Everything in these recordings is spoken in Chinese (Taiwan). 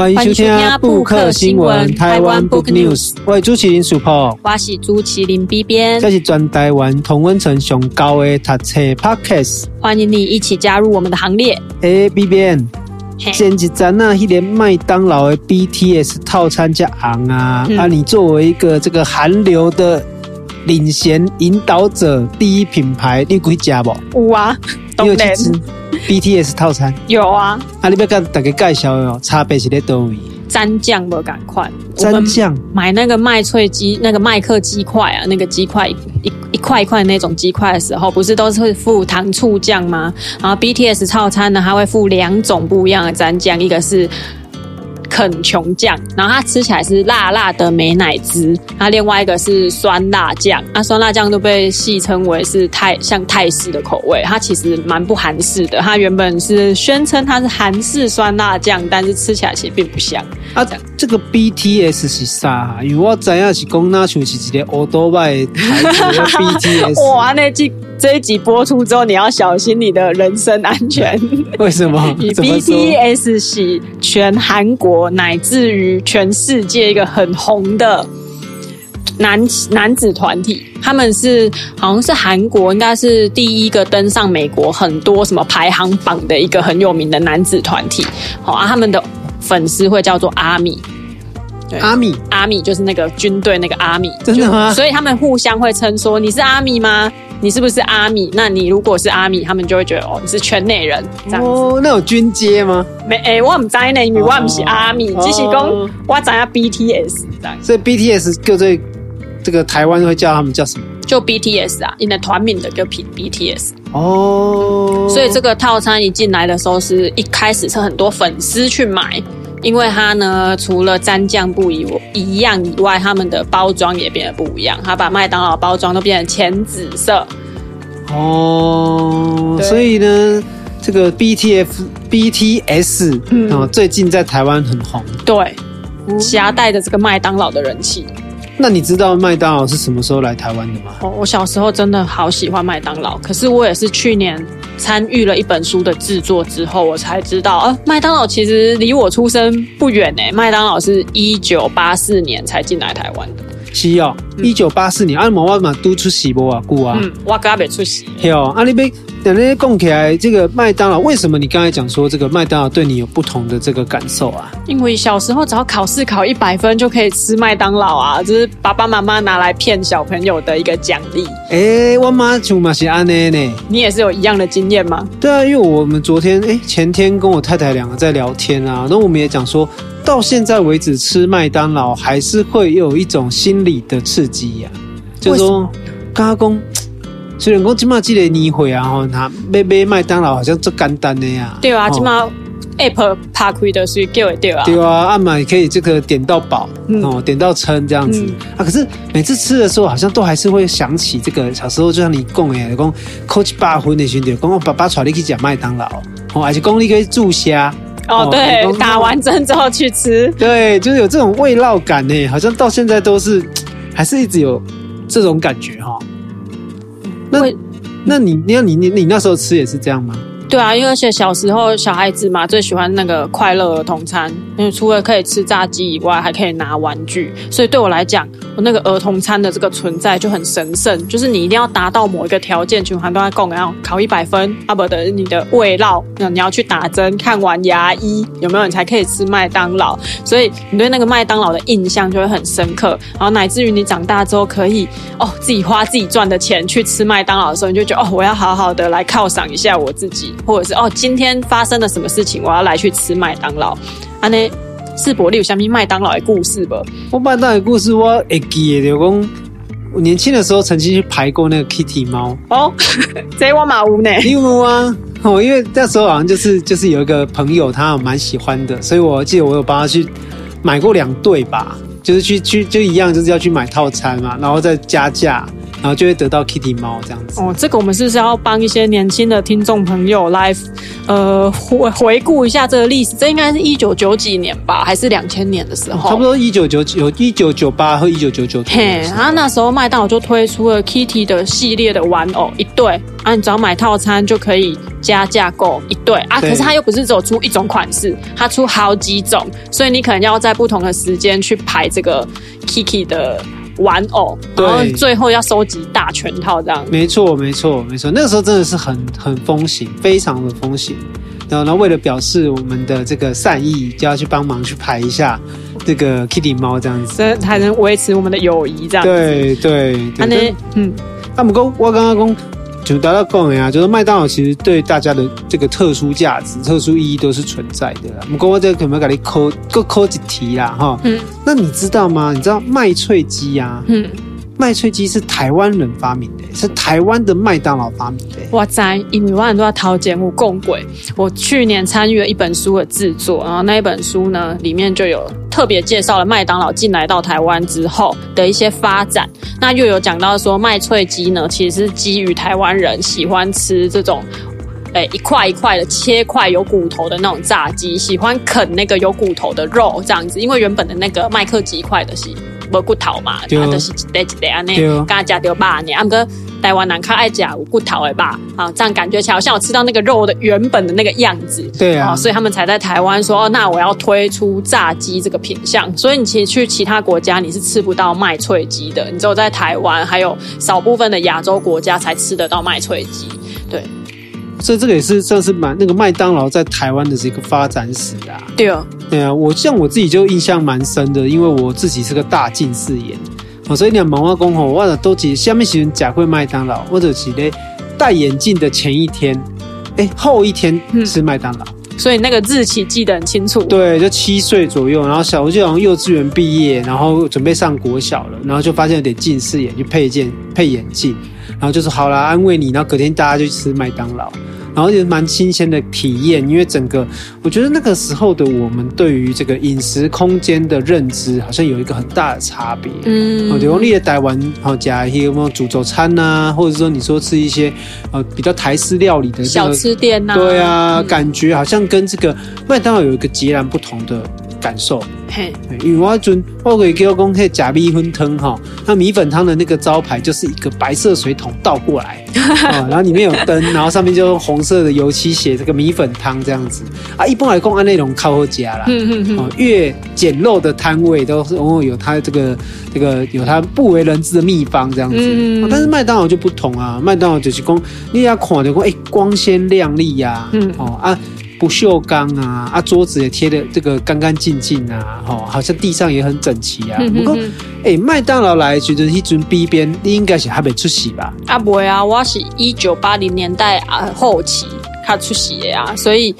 歡迎收聽、啊、布克新聞台灣 book news，我是朱麒麟 super，我是朱麒麟 b 邊，這是全台灣同溫層最高的讀冊 Podcast，歡迎你一起加入我們的行列。誒、hey, b 邊，前一陣那一年麥當勞的 bts 套餐加行啊！嗯、啊，你作為一個這個韓流的領銜引導者，第一品牌你有去吃嗎？有啊，當然。BTS 套餐有啊，啊！你不要跟大家介紹哦，差別是在哪裡？蘸醬不一樣，蘸醬？買那個麥脆雞，那個麥克雞塊啊，那個雞塊一塊一塊塊那種雞塊的時候，不是都是會附糖醋醬嗎？然後 BTS 套餐呢，它會附兩種不一樣的蘸醬，一個是。很窮醬，然後它吃起來是辣辣的美乃滋。它另外一個是酸辣醬，那、啊、酸辣醬都被戲稱為是泰，像泰式的口味。它其實蠻不韓式的，它原本是宣稱它是韓式酸辣醬，但是吃起來其實並不像。啊，這,樣這個 BTS 是啥、啊？因為我知道是講那就是一個歐多拜的 BTS。 哇，那這。這一集播出之後，你要小心你的人身安全。為什麼？怎麼說？BTS 是全韓國乃至於全世界一個很紅的男男子團體，他們是好像是韓國應該是第一個登上美國很多什麼排行榜的一個很有名的男子團體。好、哦、啊，他們的粉絲會叫做阿米，阿米，阿米就是那個軍隊那個阿米，真的嗎？所以他們互相會稱說你是阿米嗎？你是不是阿米？那你如果是阿米，他們就會覺得哦，你是圈內人這樣哦，那有軍階嗎？沒，哎，我不知道耶，我不，知我不是阿米，哦，只是說、哦、我講一下 BTS，在。所以 BTS 各位、這個，這個台灣會叫他們叫什麼？就 BTS 啊，你的團名的叫 BTS 哦。所以這個套餐一進來的時候是，是一開始是很多粉絲去買。因為它呢，除了沾醬不一樣以外，他們的包裝也變得不一樣。他把麥當勞包裝都變成淺紫色。哦，對所以呢，這個 BTF、BTS、哦、嗯、最近在台灣很紅。對，夾帶着這個麥當勞的人氣、嗯。那你知道麥當勞是什麼時候來台灣的嗎、哦？我小時候真的好喜歡麥當勞，可是我也是去年。參與了一本書的製作之後，我才知道啊，麥當勞其實離我出生不遠呢、欸。麥當勞是一九八四年才進來台灣的。西藥一九八四年，阿姆瓦馬都出喜波、嗯哦、啊，古啊，我格也未出喜。嘿哦，阿你邊，等下講起來，這個麥當勞，為什麼你剛才講說這個麥當勞對你有不同的這個感受啊？因為小時候只要考試考一百分就可以吃麥當勞啊，這、就是爸爸媽媽拿來騙小朋友的一個獎勵。哎、欸，我媽就馬是安內內，你也是有一樣的經驗嗎？對啊，因為我們昨天哎、欸、前天跟我太太兩個在聊天啊，那我們也講說，到現在為止，吃麥當勞還是會有一種心理的刺激呀、啊。就是說，剛公，雖然說現在這個年紀啊，吼，那買買麥當勞好像最簡單的、啊、呀。對啊，起碼、哦、App l e p a r k 打開就是叫得對啊。對啊，阿、啊、媽可以這個點到飽、嗯、哦，點到撐這樣子、嗯、啊。可是每次吃的時候，好像都還是會想起這個小時候，、就是、時候，就像你講哎，講考一百分的時候，講我爸爸帶你去吃麥當勞，哦，還是講你可以住下。哦，對，打完針之後去吃，對，就是有這種味道感呢，好像到現在都是，還是一直有這種感覺哈、哦。那，我那你，那你，你，你，你那時候吃也是這樣嗎？對啊，因為而且小時候小孩子嘛，最喜歡那個快樂兒童餐，因為除了可以吃炸雞以外，還可以拿玩具，所以對我來講。那個兒童餐的這個存在就很神聖，就是你一定要達到某一個條件，循環都在共、啊。然後考一百分啊，不等你的味道，那你要去打針，看完牙醫有沒有？你才可以吃麥當勞。所以你對那個麥當勞的印象就會很深刻，然後乃至於你長大之後可以哦自己花自己賺的錢去吃麥當勞的時候，你就覺得哦，我要好好的來犒賞一下我自己，或者是哦今天發生了什麼事情，我要來去吃麥當勞，安呢。世博，你有什麼麥當勞的故事吧？我麥當勞故事，我哎記，劉工，我年輕的時候曾經去排過那個 Kitty 貓哦，這個、我馬無內，你有啊，我、哦、因為那時候好像就是就是有一個朋友，他蠻喜歡的，所以我記得我有幫他去買過兩對吧，就是去去就一樣，就是要去買套餐嘛，然後再加價。然後就會得到 Kitty 貓這樣子哦。這個我們是不是要幫一些年輕的聽眾朋友來，呃，回回顧一下這個歷史？這應該是一九九幾年吧，還是兩千年的時候？哦，差不多一九九幾，有一九九八和一九九九。嘿，啊，那時候麥當勞就推出了 Kitty 的系列的玩偶一對啊，你只要買套餐就可以加價購一對啊。對。可是它又不是只有出一種款式，它出好幾種，所以你可能要在不同的時間去排這個 Kitty 的。玩偶，然後最後要收集大全套這樣子。沒錯，沒錯，沒錯。那個時候真的是很很風行，非常的風行。然後，然後為了表示我們的這個善意，就要去幫忙去排一下這個 kitty 貓這樣子，這才能維持我們的友誼這樣子。這樣，對對。對那，嗯，阿姆公，我剛剛講。就達到共鳴啊！就是麥當勞其實對大家的這個特殊價值、特殊意義都是存在的啦。我們剛剛在可不可以考，再考一題啦？哈，嗯、那你知道嗎？你知道麥脆雞啊？嗯麥脆雞是台灣人發明的，欸，是台灣的麥當勞發明的，欸。哇塞，一米萬都在掏節目，供鬼。我去年參與了一本書的制作，然後那一本書呢，裡面就有特別介紹了麥當勞進來到台灣之後的一些發展。那又有講到說，麥脆雞呢，其實是基於台灣人喜歡吃這種，哎、欸，一塊一塊的切塊有骨頭的那種炸雞，喜歡啃那個有骨頭的肉這樣子，因為原本的那個麥克雞塊的是。不骨頭嘛，他都對是幾塊幾塊安尼，對剛加丟吧，你，他哥台灣人看愛加有骨頭誒吧，好、啊，這樣感覺起來好像我吃到那個肉的原本的那個樣子，對啊，啊，所以他們才在台灣說，哦、那我要推出炸雞這個品項，所以你其實去其他國家你是吃不到麥脆雞的，你只有在台灣還有少部分的亞洲國家才吃得到麥脆雞，對。所以這個也是算是蠻那個麥當勞在台灣的這個發展史啊。對啊，對啊、嗯，我像我自己就印象蠻深的，因為我自己是個大近視眼，哦、所以你忙畫工吼，我都是下面喜歡假貴麥當勞，或者是嘞戴眼鏡的前一天，哎，後一天吃麥當勞、嗯，所以那個日期記得很清楚。對，就七歲左右，然後小學就像幼稚園畢業，然後準備上國小了，然後就發現有點近視眼，就配件配眼鏡。然後就是好啦，安慰你。然後隔天大家就去吃麥當勞，然後也蠻新鮮的體驗。因為整個，我覺得那個時候的我們對於這個飲食空間的認知，好像有一個很大的差別。嗯，劉弘利也帶完，好講一些有沒有煮早餐啊，或者說你說吃一些呃比較台式料理的、這個、小吃店吶、啊？對啊，嗯、感覺好像跟這個麥當勞有一個截然不同的感受嘿，因為我準我給叫公開假米粉湯哈、喔，那米粉湯的那個招牌就是一個白色水桶倒過來啊、 喔，然後裡面有燈，然後上面就用紅色的油漆寫這個米粉湯這樣子啊。一般來講，按那種靠後加啦，哦，越簡陋的攤位都是往往有它這個這個有它不為人知的秘方這樣子。啊、但是麥當勞就不同啊，麥當勞就是講你要看起來、欸、光光鮮亮麗呀，嗯哦啊。嗯喔啊不鏽鋼啊啊，桌子也貼的這個乾乾淨淨啊，吼、哦，好像地上也很整齊啊。嗯、哼哼不過，哎、欸，麥當勞來覺得一陣逼變，你應該是還沒出生吧？啊，不會啊，我是一九八零年代啊後期才出生的啊，所以。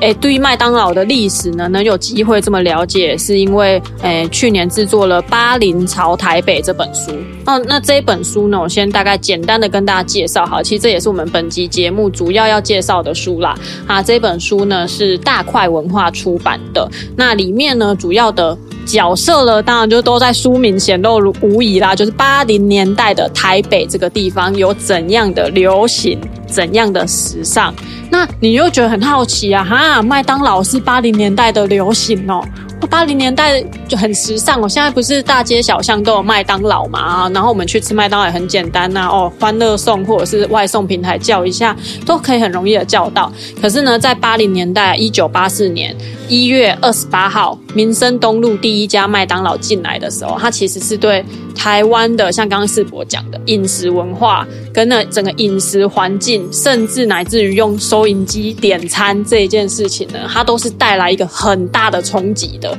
哎，對於麥當勞的歷史呢，能有機會這麼了解，是因為，哎，去年制作了《捌零．潮台北》這本書。啊，那這本書呢，我先大概簡單的跟大家介紹，好，其實這也是我們本集節目主要要介紹的書啦。啊，這本書呢是大塊文化出版的，那裡面呢主要的角色呢，當然就都在書名顯露無疑啦，就是八零年代的台北這個地方有怎樣的流行，怎樣的時尚。那你又覺得很好奇啊？哈，麥當勞是八零年代的流行哦。八零年代就很時尚哦，現在不是大街小巷都有麥當勞嘛？然後我們去吃麥當勞也很簡單吶、啊，哦，歡樂送或者是外送平台叫一下，都可以很容易的叫到。可是呢，在八零年代，一九八四年一月二十八號，民生東路第一家麥當勞進來的時候，它其實是對台灣的，像剛剛世博講的飲食文化跟那整個飲食環境，甚至乃至於用收銀機點餐這一件事情呢，它都是帶來一個很大的衝擊的。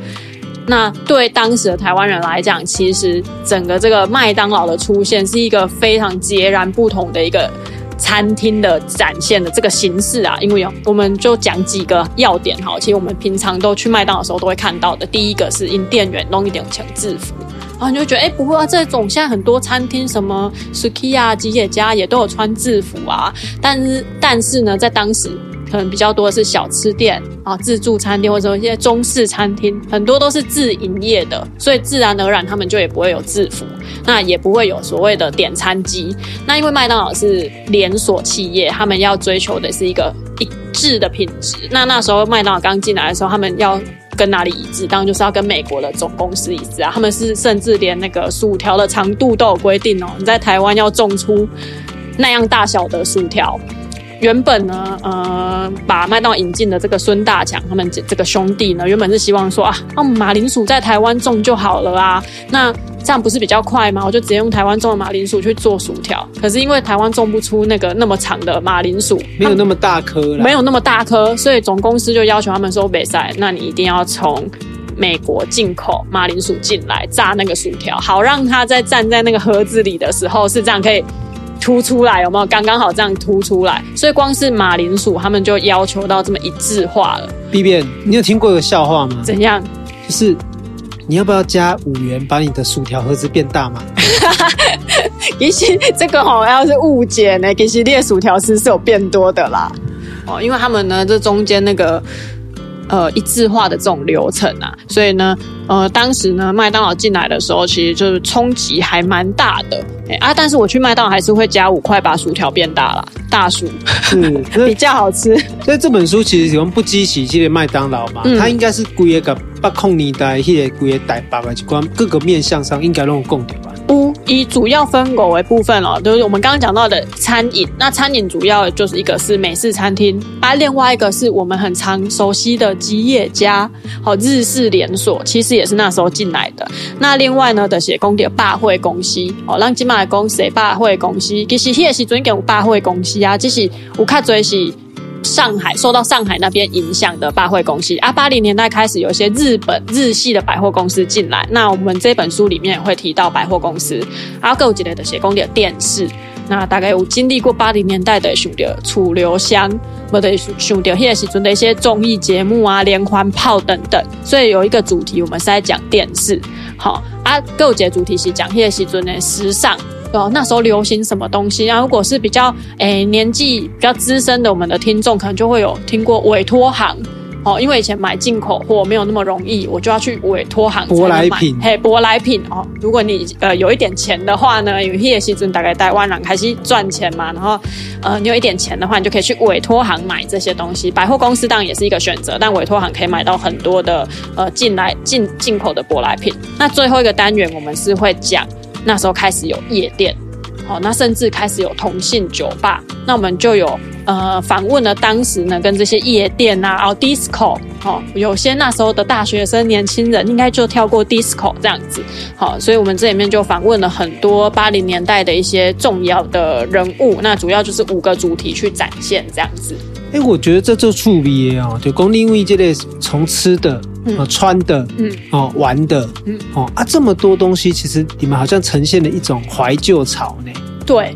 那對當時的台灣人來講，其實整個這個麥當勞的出現是一個非常截然不同的一個餐廳的展現的這個形式啊。因為有，我們就講幾個要點哈。其實我們平常都去麥當勞的時候都會看到的。第一個是因店員弄一點強制服，然後你就覺得哎，不會啊，這種現在很多餐廳什麼 Suki 啊，吉野家也都有穿制服啊。但是，但是呢，在當時。可能比較多的是小吃店啊、自助餐廳或者一些中式餐廳，很多都是自營業的，所以自然而然他們就也不會有制服，那也不會有所謂的點餐機。那因為麥當勞是連鎖企業，他們要追求的是一個一致的品質。那那時候麥當勞剛進來的時候，他們要跟哪裡一致？當然就是要跟美國的總公司一致啊。他們是甚至連那個薯條的長度都有規定哦，你在台灣要種出那樣大小的薯條。原本呢，呃，把麥當勞引進的這個孫大強他們這這個兄弟呢，原本是希望說啊，用、哦、馬鈴薯在台灣種就好了啊，那這樣不是比較快嗎？我就直接用台灣種的馬鈴薯去做薯條。可是因為台灣種不出那個那麼長的馬鈴薯，沒有那麼大顆，沒有那麼大顆，所以總公司就要求他們說北塞，那你一定要從美國進口馬鈴薯進來炸那個薯條，好讓它在站在那個盒子裡的時候是這樣可以。凸出來有沒有？剛剛好這樣凸出來，所以光是馬鈴薯，他們就要求到這麼一致化了。B 變，你有聽過一個笑話嗎？怎樣？就是你要不要加五元，把你的薯條盒子變大嘛？ 其實這個哦，好像是誤解呢，其實你的薯條是是有變多的啦。哦，因為他們呢，這中間那個。呃，一致化的這種流程啊，所以呢，呃，當時呢，麥當勞進來的時候，其實就是衝擊還蠻大的。哎、欸、啊，但是我去麥當勞還是會加五塊，把薯條變大啦。大薯是、嗯、比較好吃。所以這本書其實喜歡不支持系列麥當勞嘛，嗯、它應該是幾個個八空年代迄個幾個台北的就關各個面向上應該都有共同吧。以主要分果為部分哦，就是我們剛剛講到的餐飲。那餐飲主要就是一個是美式餐廳，啊，另外一個是我們很常熟悉的吉野家，好，日式連鎖，其實也是那時候進來的。那另外呢，就是，的些工的百貨公司，哦浪吉馬公些百貨公司，其實迄個是專講百貨公司啊，只是有較儕是。上海受到上海那邊影響的百貨公司啊，八零年代開始有一些日本日系的百貨公司進來。那我們這本書裡面也會提到百貨公司。阿 Go 這一節是講電視，那大概有經歷過八零年代的，想到楚留香，不對，想到那時候的一些綜藝節目啊，連環炮等等。所以有一個主題，我們是在講電視。好，啊，阿 Go 的主題是講那時候的時尚。哦、那時候流行什麼東西？啊、如果是比較誒、欸、年紀比較資深的，我們的聽眾可能就會有聽過委托行哦，因為以前買進口貨沒有那麼容易，我就要去委托行買。舶來品嘿，舶來品哦。如果你呃有一點錢的話呢，因為葉西尊大概在台灣開始賺錢嘛，然後呃你有一點錢的話，你就可以去委托行買這些東西。百貨公司當然也是一個選擇，但委托行可以買到很多的呃進來進進口的舶來品。那最後一個單元我們是會講。那時候開始有夜店，好，那甚至開始有同性酒吧，那我們就有呃訪問了當時呢，跟這些夜店啊，然後,迪斯科，好、哦哦，有些那時候的大學生、年輕人應該就跳過迪斯科這樣子，好、哦，所以我們這裡面就訪問了很多八零年代的一些重要的人物，那主要就是五個主題去展現這樣子。誒，我覺得這就觸別哦，就工立物這類，從吃的、嗯、穿的、嗯哦玩的、嗯哦啊這麼多東西，其實你們好像呈現了一種懷舊潮呢？對。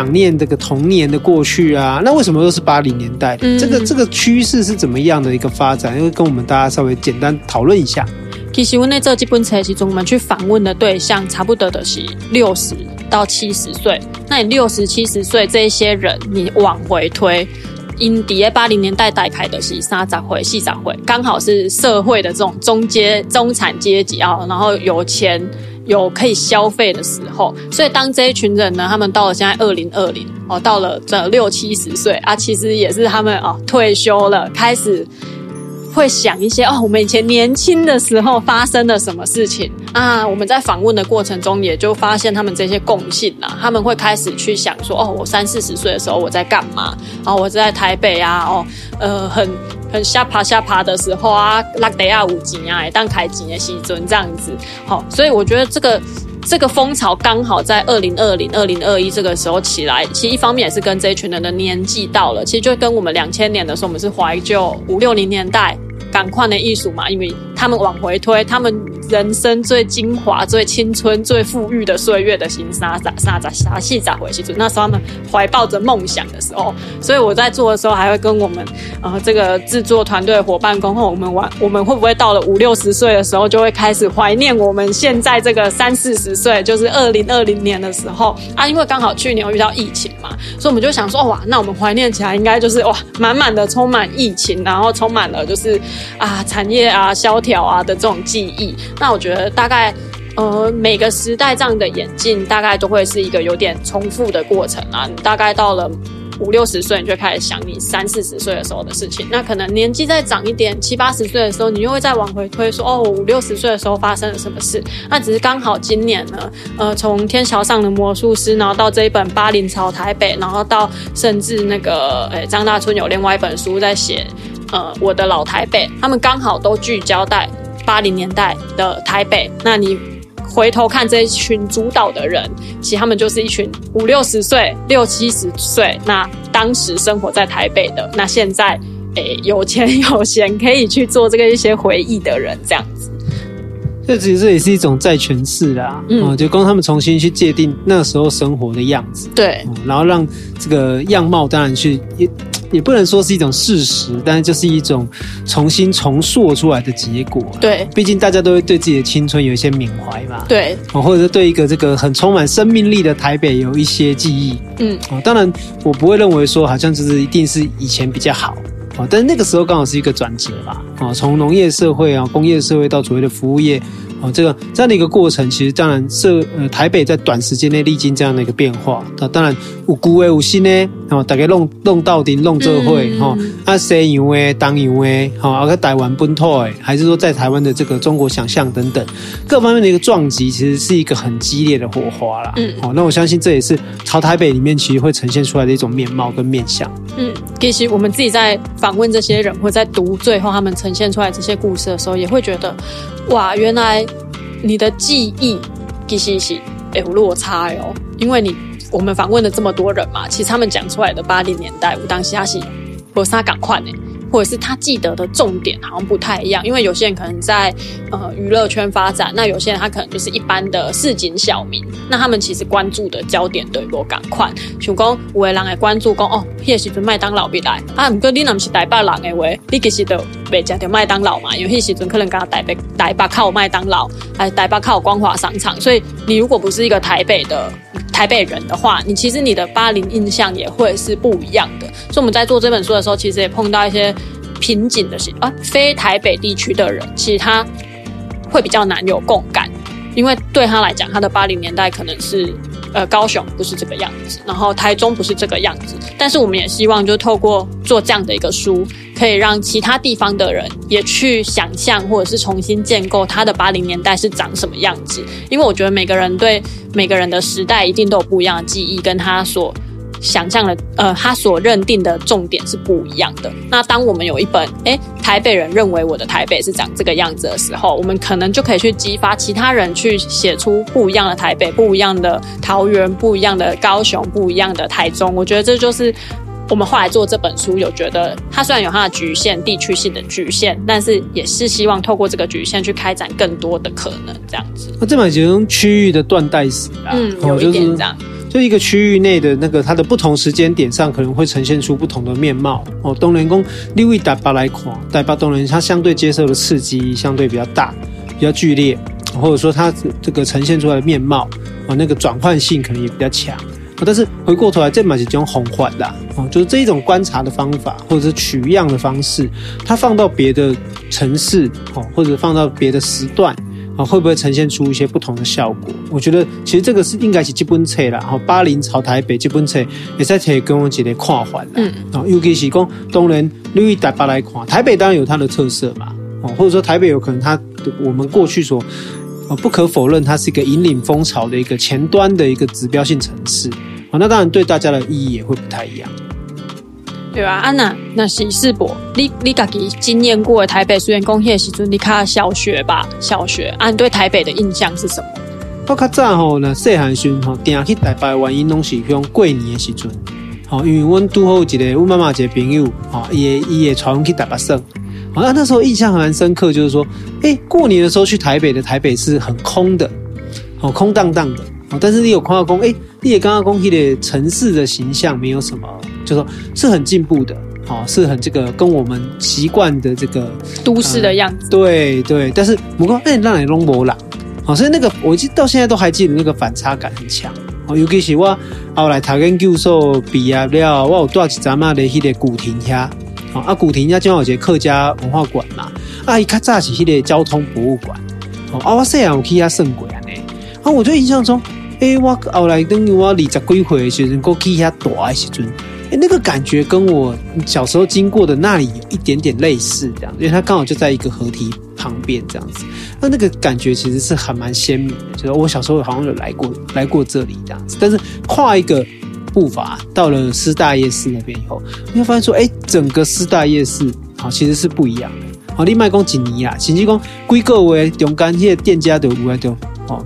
想念這個童年的過去啊，那為什麼又是八零年代？嗯、這個這個趨勢是怎麼樣的一個發展？因為跟我們大家稍微簡單討論一下。其實，我那這基本車其中，我們去訪問的對象差不多都是六十到七十歲。那你六十、七十歲這一些人，你往回推，因底八零年代代開的是三十歲、四十歲，剛好是社會的這種中階中產階級啊、哦。然後有錢。有可以消費的時候，所以當這一群人呢，他們到了現在二零二零哦，到了這六七十歲啊，其實也是他們哦退休了，開始會想一些哦，我們以前年輕的時候發生了什麼事情啊？我們在訪問的過程中也就發現他們這些共性吶、啊，他們會開始去想說哦，我三四十歲的時候我在幹嘛？哦，我在台北啊，哦，呃，很。很下爬下爬的時候啊，拉得啊無幾啊，當開緊的時準這樣子，好，所以我覺得這個這個風潮剛好在二零二零二零二一這個時候起來，其實一方面也是跟這一群人的年紀到了，其實就跟我們兩千年的時候，我們是懷舊五六零年代感況的藝術嘛，因為他們往回推，他們人生最精華、最青春、最富裕的歲月的行沙咋沙咋沙細咋回去？就那時候他們懷抱着夢想的時候，所以我在做的時候，還會跟我們呃，這個制作團隊夥伴溝通，我們玩，我們會不會到了五六十歲的時候，就會開始懷念我們現在這個三四十歲，就是二零二零年的時候啊？因為剛好去年我遇到疫情嘛，所以我們就想說，哇，那我們懷念起來，應該就是哇，滿滿的充滿疫情，然後充滿了就是啊產業啊蕭條啊的這種記憶。那我覺得大概，呃，每個時代這樣的演進大概都會是一個有點重複的過程啊。你大概到了五六十歲，你就開始想你三四十歲的時候的事情。那可能年紀再長一點，七八十歲的時候，你又會再往回推說，說哦，五六十歲的時候發生了什麼事。那只是剛好今年呢，呃，從天橋上的魔術師，然後到這一本《捌零．潮台北》，然後到甚至那個呃張大春有另外一本書在寫，呃，我的老台北，他們剛好都聚焦在。八零年代的台北，那你回頭看這一群主導的人，其實他們就是一群五六十歲、六七十歲，那當時生活在台北的，那現在誒有錢有閒可以去做這個一些回憶的人，這樣子。這其實也是一種再詮釋啦，嗯，就供他們重新去界定那時候生活的樣子，對，然後讓這個樣貌當然去也。也不能說是一種事實，但是就是一種重新重塑出來的結果。對，畢竟大家都會對自己的青春有一些緬懷嘛。對，或者是對一個這個很充滿生命力的台北有一些記憶。嗯、哦，當然我不會認為說好像就是一定是以前比較好啊、哦。但是那個時候剛好是一個轉折吧。啊、哦，從農業社會啊、哦，工業社會到所謂的服務業，啊、哦，這個這樣的一個過程，其實當然社，這呃，台北在短時間內歷經這樣的一個變化，那、哦、當然。有舊誒，有新誒，哦，大家弄弄到底，弄這會，哈、嗯，啊，西洋誒，東洋誒，哈，啊個台灣本土，誒，還是說在台灣的這個中國想象等等，各方面的一個撞擊，其實是一個很激烈的火花啦，嗯，好、哦，那我相信這也是潮台北裡面其實會呈現出來的一種面貌跟面相，嗯，其實我們自己在訪問這些人，或者在讀最後他們呈現出來這些故事的時候，也會覺得，哇，原來你的記憶其實是有落差哦，因為你。我們訪問了這麼多人嘛，其實他們講出來的八零年代、五檔蝦係，或是他港寬呢，或者是他記得的重點好像不太一樣。因為有些人可能在呃娛樂圈發展，那有些人他可能就是一般的市井小民，那他們其實關注的焦點對不港寬。像講有的人會關注說哦，迄個時陣麥當勞沒來啊。不過你若不是台北人的話，你其實都未吃到麥當勞嘛。因為迄時陣可能講台北台北靠麥當勞，還是台北靠光華商場，所以你如果不是一個台北的，台北人的話，你其實你的八零印象也會是不一樣的。所以我們在做這本書的時候，其實也碰到一些瓶頸的事啊，非台北地區的人，其實他會比較難有共感，因為對他來講，他的八零年代可能是呃高雄不是這個樣子，然後台中不是這個樣子。但是我們也希望，就透過做這樣的一個書。可以讓其他地方的人也去想象，或者是重新建構他的八零年代是長什麼樣子。因為我覺得每個人對每個人的時代一定都有不一樣的記憶，跟他所想象的，呃，他所認定的重點是不一樣的。那當我們有一本，誒，台北人認為我的台北是長這個樣子的時候，我們可能就可以去激發其他人去寫出不一樣的台北、不一樣的桃園、不一樣的高雄、不一樣的台中。我覺得這就是。我們後來做這本書，有覺得它雖然有它的局限，地區性的局限，但是也是希望透過這個局限去開展更多的可能。這樣子，那、啊、這本集中區域的斷代史啊，有一點、哦就是、這樣，就一個區域內的那個它的不同時間點上，可能會呈現出不同的面貌。哦，當然說，以台北來看，台北當然他相對接受的刺激相對比較大，比較劇烈、哦，或者說它這個呈現出來的面貌，哦、那個轉換性可能也比較強。但是回過頭來，這買是種宏觀啦。哦，就是這一種觀察的方法，或者是取樣的方式，它放到別的城市哦，或者放到別的時段啊，會不會呈現出一些不同的效果？我覺得其實這個是應該是基本測啦。然後，捌零潮台北基本測也跟我們一個跨環啦啊，嗯、尤其是提供東聯六一大八來看。台北當然有它的特色嘛，哦，或者說台北有可能它我們過去說，不可否認它是一個引領風潮的一個前端的一個指標性城市。好，那當然對大家的意義也會不太一樣，對吧、啊？安、啊、娜，那喜事伯你你自己經驗過的台北雖然工業時陣你看小學吧，小學啊，你對台北的印象是什麼？我較早吼呢，細漢時吼，定去台北玩，因攏是用過年的時候，好，因為溫度好幾嘞，我媽媽節朋友，好，也也傳去台北玩。好，那那時候印象很深刻，就是說，哎、欸，過年的時候去台北的台北是很空的，好，空蕩蕩的。但是你有看到說，工，哎，你也剛剛講，這個城市的形象沒有什麼，就是、說是很進步的、喔，是很這個跟我們習慣的這個都市的樣子，嗯、對對。但是不過，哎、欸，那裡龍沒了好、喔，所以那個我記到現在都還記得，那個反差感很強。好、喔，尤其是我後來台根教比啊，業了，我有住一陣啊的，去的古亭遐。啊，古亭下正好一些客家文化館嘛，啊，一看乍起去個交通博物館、喔，啊，我雖然我去啊，勝貴啊呢，啊，我就印象中。哎、欸，我後來等於我二十幾歲的時候裡才歸回，就能夠記下大一些尊。哎，那個感覺跟我小時候經過的那裡有一點點類似，這樣，因為它剛好就在一個河堤旁邊這樣子。那那個感覺其實是還蠻鮮明的，就是我小時候好像有來過來過這裡這樣子。但是跨一個步伐到了師大夜市那邊以後，你會發現說，哎、欸，整個師大夜市好，其實是不一樣的。好，你別講幾年啊，甚至講幾個月，中間那些店家都有啊種。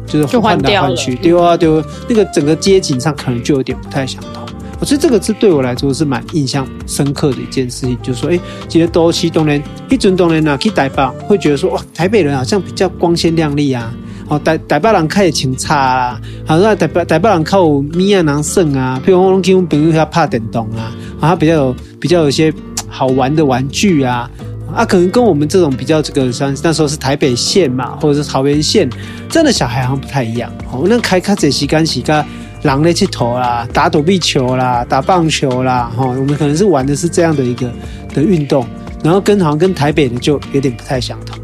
就，換就是換來換去丟啊丟，啊啊，那個整個街景上可能就有點不太相同。我所以這個是對我來說是蠻印象深刻的一件事情，就說哎、欸，其實多西東年，一前東年吶去台北，會覺得說哇，台北人好像比較光鮮亮麗啊。哦，台北人開也挺差啊，好像台北人靠米亞能勝啊，譬如我們去我們朋友他怕電動啊，他比較有比較有些好玩的玩具啊。啊，可能跟我們這種比較這個像那時候是台北縣嘛，或者是桃園縣這樣的小孩好像不太一樣。哦，那開卡仔洗干洗干，狼類去投啦，打躲避球啦，打棒球啦，吼、哦，我們可能是玩的是這樣的一個的運動，然後跟好像跟台北的就有點不太相同。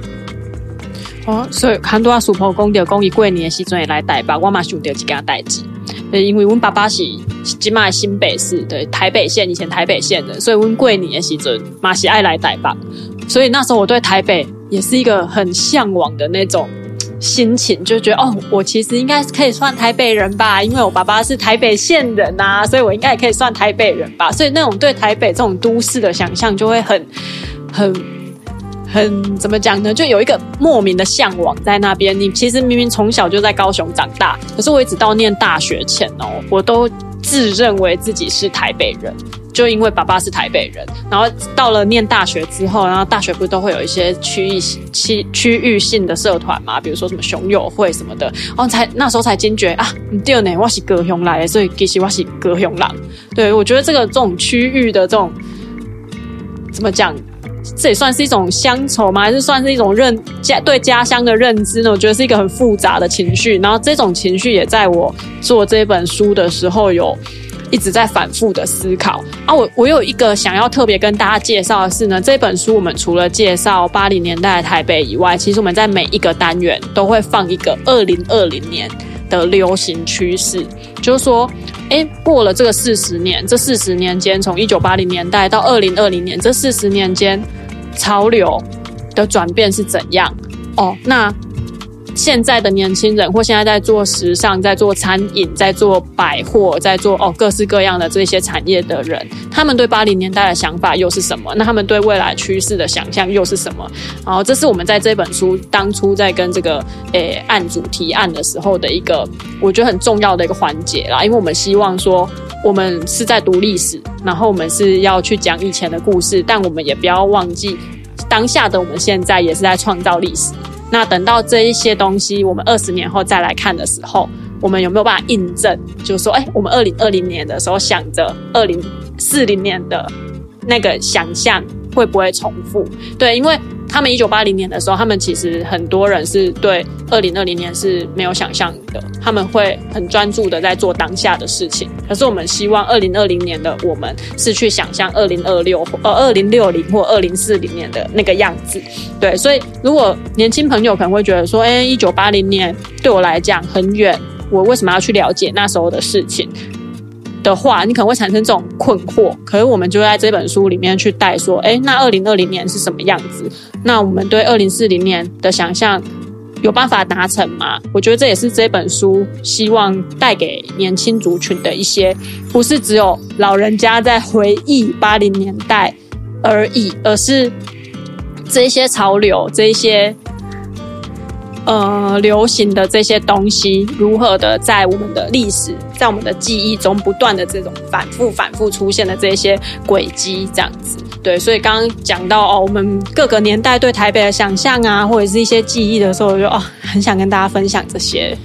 哦、啊，所以很多阿叔婆公就講，伊過年的時候也來台北，我嘛兄弟就跟他帶住，因為我爸爸是現在新北市的台北縣，以前台北縣的，所以我阮過年的時陣嘛喜愛來台北。所以那時候我對台北也是一個很向往的那種心情，就覺得哦，我其實應該可以算台北人吧，因為我爸爸是台北縣人吶、啊，所以我應該也可以算台北人吧。所以那種對台北這種都市的想象就會很、很、很怎麼講呢？就有一個莫名的向往在那邊。你其實明明從小就在高雄長大，可是我一直到念大學前哦，我都自認為自己是台北人。就因為爸爸是台北人，然後到了念大學之後，然後大學不是都會有一些區域區區域性的社團嘛？比如說什麼雄友會什麼的，然、哦、後才那時候才驚覺啊，你二呢，我是高雄來的，所以其實我是高雄人。對，我覺得這個這種區域的這種怎麼講，這也算是一種鄉愁嗎？還是算是一種認家對家鄉的認知呢？我覺得是一個很複雜的情緒。然後這種情緒也在我做這本書的時候有。一直在反覆的思考啊，我我有一個想要特別跟大家介紹的是呢，這本書我們除了介紹八零年代的台北以外，其實我們在每一個單元都會放一個二零二零年的流行趨勢，就是說，誒，過了這個四十年，這四十年間，從一九八零年代到二零二零年，這四十年間潮流的轉變是怎樣？哦，那。現在的年輕人，或現在在做時尚、在做餐飲、在做百貨、在做哦各式各樣的這些產業的人，他們對八零年代的想法又是什麼？那他們對未來趨勢的想象又是什麼？然後，這是我們在這本書當初在跟這個誒案、欸、主題案的時候的一個我覺得很重要的一個環節啦。因為我們希望說，我們是在讀歷史，然後我們是要去講以前的故事，但我們也不要忘記，當下的我們現在也是在創造歷史。那等到這一些東西，我們二十年後再來看的時候，我們有沒有辦法印證？就是說，哎、欸，我們二零二零年的時候想着二零四零年的那個想象會不會重複？對，因為。他們一九八零年的時候，他們其實很多人是對二零二零年是沒有想象的，他們會很專注地在做當下的事情。可是我們希望二零二零年的我們是去想象二零二六，呃、二零六零或二零四零年的那個樣子。對，所以如果年輕朋友可能會覺得說，誒，一九八零年對我來講很遠，我為什麼要去了解那時候的事情？的話，你可能會產生這種困惑。可是我們就會在這本書裡面去帶說，誒，那二零二零年是什麼樣子？那我們對二零四零年的想象有辦法達成嗎？我覺得這也是這本書希望帶給年輕族群的一些，不是只有老人家在回憶八零年代而已，而是這些潮流，這些。呃，流行的這些東西如何的在我們的歷史、在我們的記憶中不斷的這種反覆、反覆出現的這些軌跡，這樣子。對，所以剛剛講到哦，我們各個年代對台北的想象啊，或者是一些記憶的時候，我就哦，很想跟大家分享這些。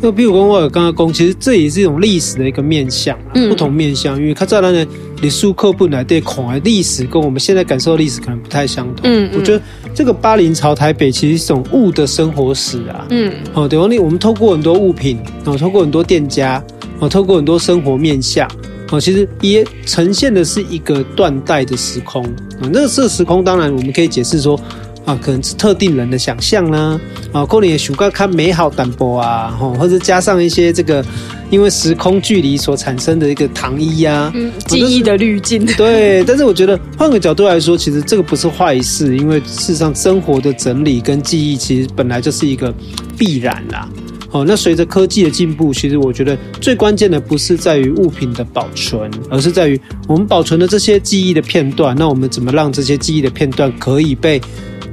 那譬如說，我有剛剛講，其實這也是一種歷史的一個面向、啊，嗯、不同面向，因為它在那裡你書刻本來對恐歷史跟我們現在感受的歷史可能不太相同。嗯，嗯我覺得。這個捌零．潮台北，其實是一種物的生活史啊。嗯，哦，對方我們透過很多物品，哦，透過很多店家，哦，透過很多生活面向，哦，其實也呈現的是一個斷代的時空，哦，那這時空，當然我們可以解釋說。啊，可能是特定人的想象啦，啊。啊，可能許個看美好單薄啊，吼，或者加上一些這個，因為時空距離所產生的一個糖衣啊，嗯，記憶的濾鏡、啊就是。對，但是我覺得換個角度來說，其實這個不是壞事， 因為事實上生活的整理跟記憶其實本來就是一個必然啦，啊。好，啊，那隨着科技的進步，其實我覺得最關鍵的不是在於物品的保存，而是在於我們保存的這些記憶的片段。那我們怎麼讓這些記憶的片段可以被？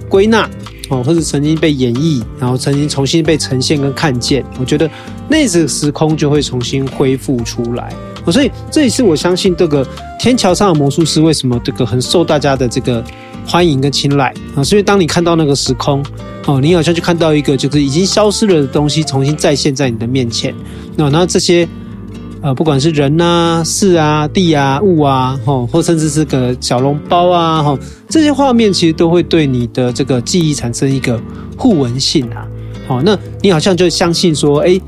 歸納哦，或者曾經被演繹，然後曾經重新被呈現跟看見，我覺得那個時空就會重新恢復出來。所以這也是我相信這個天橋上的魔術師為什麼這個很受大家的這個歡迎跟青睞啊。所以當你看到那個時空哦，你好像就看到一個就是已經消失了的東西重新再現在你的面前。那那這些。呃，不管是人吶、啊、事啊、地啊、物啊，吼、哦，或甚至是個小籠包啊，吼、哦，這些畫面其實都會對你的這個記憶產生一個互文性啊。好、哦，那你好像就相信說，欸，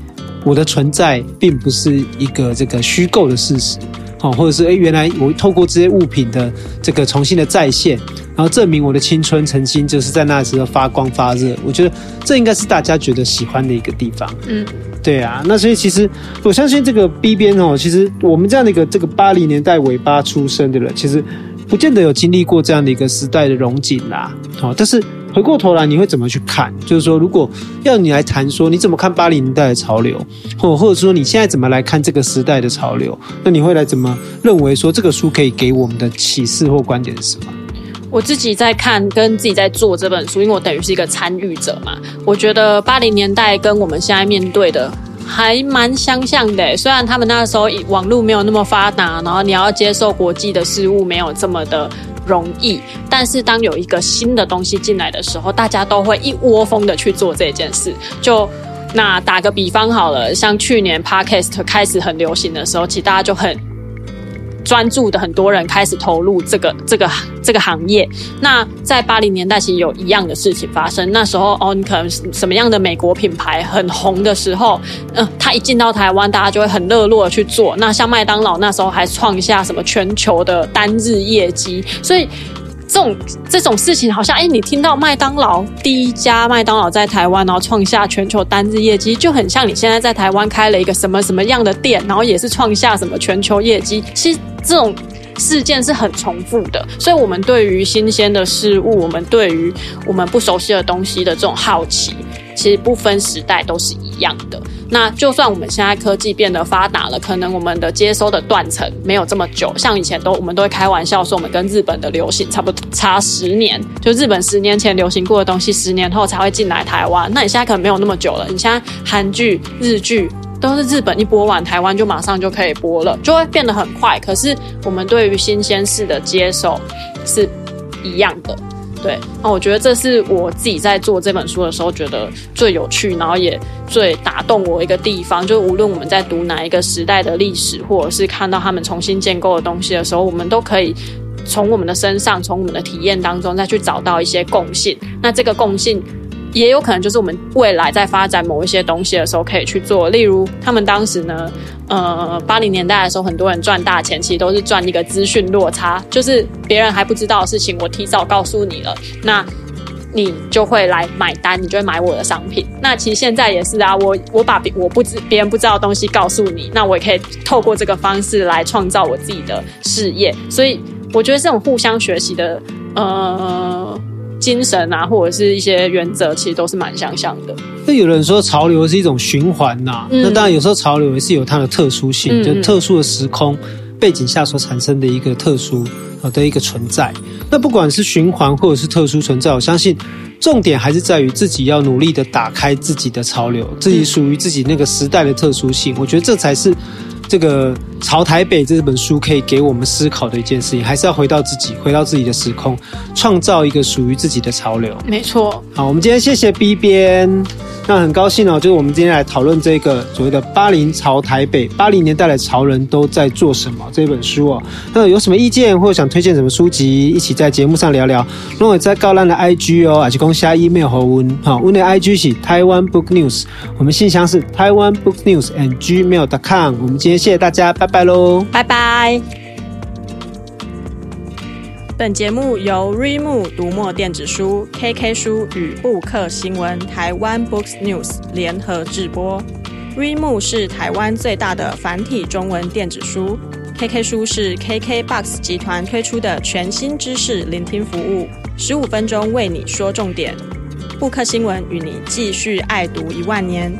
我的存在並不是一個這個虛構的事實。哦，或者是哎，原來我透過這些物品的這個重新的再現，然後證明我的青春曾經就是在那的時候發光發熱。我覺得這應該是大家覺得喜歡的一個地方。嗯，對啊，那所以其實我相信這個 B 邊哦，其實我們這樣的一個這個八零年代尾巴出生的人，其實不見得有經歷過這樣的一個時代的榮景啦。哦，但是。回過頭來，你會怎麼去看？就是說，如果要你來談說，你怎麼看八零年代的潮流，或或者說你現在怎麼來看這個時代的潮流？那你會來怎麼認為說，這個書可以給我們的啟示或觀點是什麼？我自己在看，跟自己在做這本書，因為我等於是一個參與者嘛。我覺得八零年代跟我們現在面對的還蠻相像的，雖然他們那時候網絡沒有那麼發達，然後你要接受國際的事物沒有這麼的。容易，但是當有一個新的東西進來的時候，大家都會一窩蜂的去做這件事。就，那打個比方好了，像去年 Podcast 開始很流行的時候，其實大家就很專注的很多人開始投入這個這個這個行業。那在八零年代其實有一樣的事情發生。那時候，哦，你可能什麼樣的美國品牌很紅的時候，嗯、呃，他一進到台灣，大家就會很熱絡的去做。那像麥當勞那時候還創下什麼全球的單日業績，所以。這種這種事情好像，哎，你聽到麥當勞第一家麥當勞在台灣，然後創下全球單日業績，就很像你現在在台灣開了一個什麼什麼樣的店，然後也是創下什麼全球業績。其實這種事件是很重複的，所以我們對於新鮮的事物，我們對於我們不熟悉的東西的這種好奇，其實不分時代都是一樣的。那就算我們現在科技變得發達了，可能我們的接收的斷層沒有這麼久。像以前都我們都會開玩笑說，我們跟日本的流行差不多差十年，就日本十年前流行過的東西，十年後才會進來台灣。那你現在可能沒有那麼久了。你現在韓劇、日劇都是日本一播完，台灣就馬上就可以播了，就會變得很快。可是我們對於新鮮事的接受是一樣的。對，那我覺得這是我自己在做這本書的時候覺得最有趣，然後也最打動我一個地方，就是無論我們在讀哪一個時代的歷史，或者是看到他們重新建構的東西的時候，我們都可以從我們的身上，從我們的體驗當中再去找到一些共性。那這個共性，也有可能就是我們未來在發展某一些東西的時候可以去做。例如，他們當時呢。呃，八零年代的時候，很多人賺大錢，其實都是賺一個資訊落差，就是別人還不知道的事情，我提早告訴你了，那你就會來買單，你就會買我的商品。那其實現在也是啊，我我把別我不知別人不知道的東西告訴你，那我也可以透過這個方式來創造我自己的事業。所以我覺得這種互相學習的，呃。精神啊，或者是一些原則，其實都是蠻相像、像的。那有人說潮流是一種循環吶、啊，嗯、那當然有時候潮流也是有它的特殊性，嗯嗯，就是特殊的時空背景下所產生的一個特殊的一個存在。那不管是循環或者是特殊存在，我相信重點還是在於自己要努力的打開自己的潮流，自己屬於自己那個時代的特殊性。嗯、我覺得這才是。這個《潮台北》這本書可以給我們思考的一件事情，還是要回到自己，回到自己的時空，創造一個屬於自己的潮流。沒錯。好，我們今天謝謝 B 編。那很高興哦，就是我們今天來討論這個所謂的“八零潮台北”，八零年代的潮人都在做什麼這本書哦，那有什麼意見或者想推薦什麼書籍，一起在節目上聊聊。如果在高蘭的 IG 哦，而且公下 email 和溫哈，溫、哦、的 IG 是 Taiwan Book News，我們信箱是 Taiwan Book News and Gmail.com。我們今天謝謝大家，拜拜嘍，拜拜。本節目由 Readmoo 讀墨電子書、KK 書與布克新聞（台灣 Books News） 聯合製播。Readmoo 是台灣最大的繁體中文電子書，KK 書是 KKbox 集團推出的全新知識聆聽服務，十五分鐘為你說重點。布克新聞與你繼續愛讀一萬年。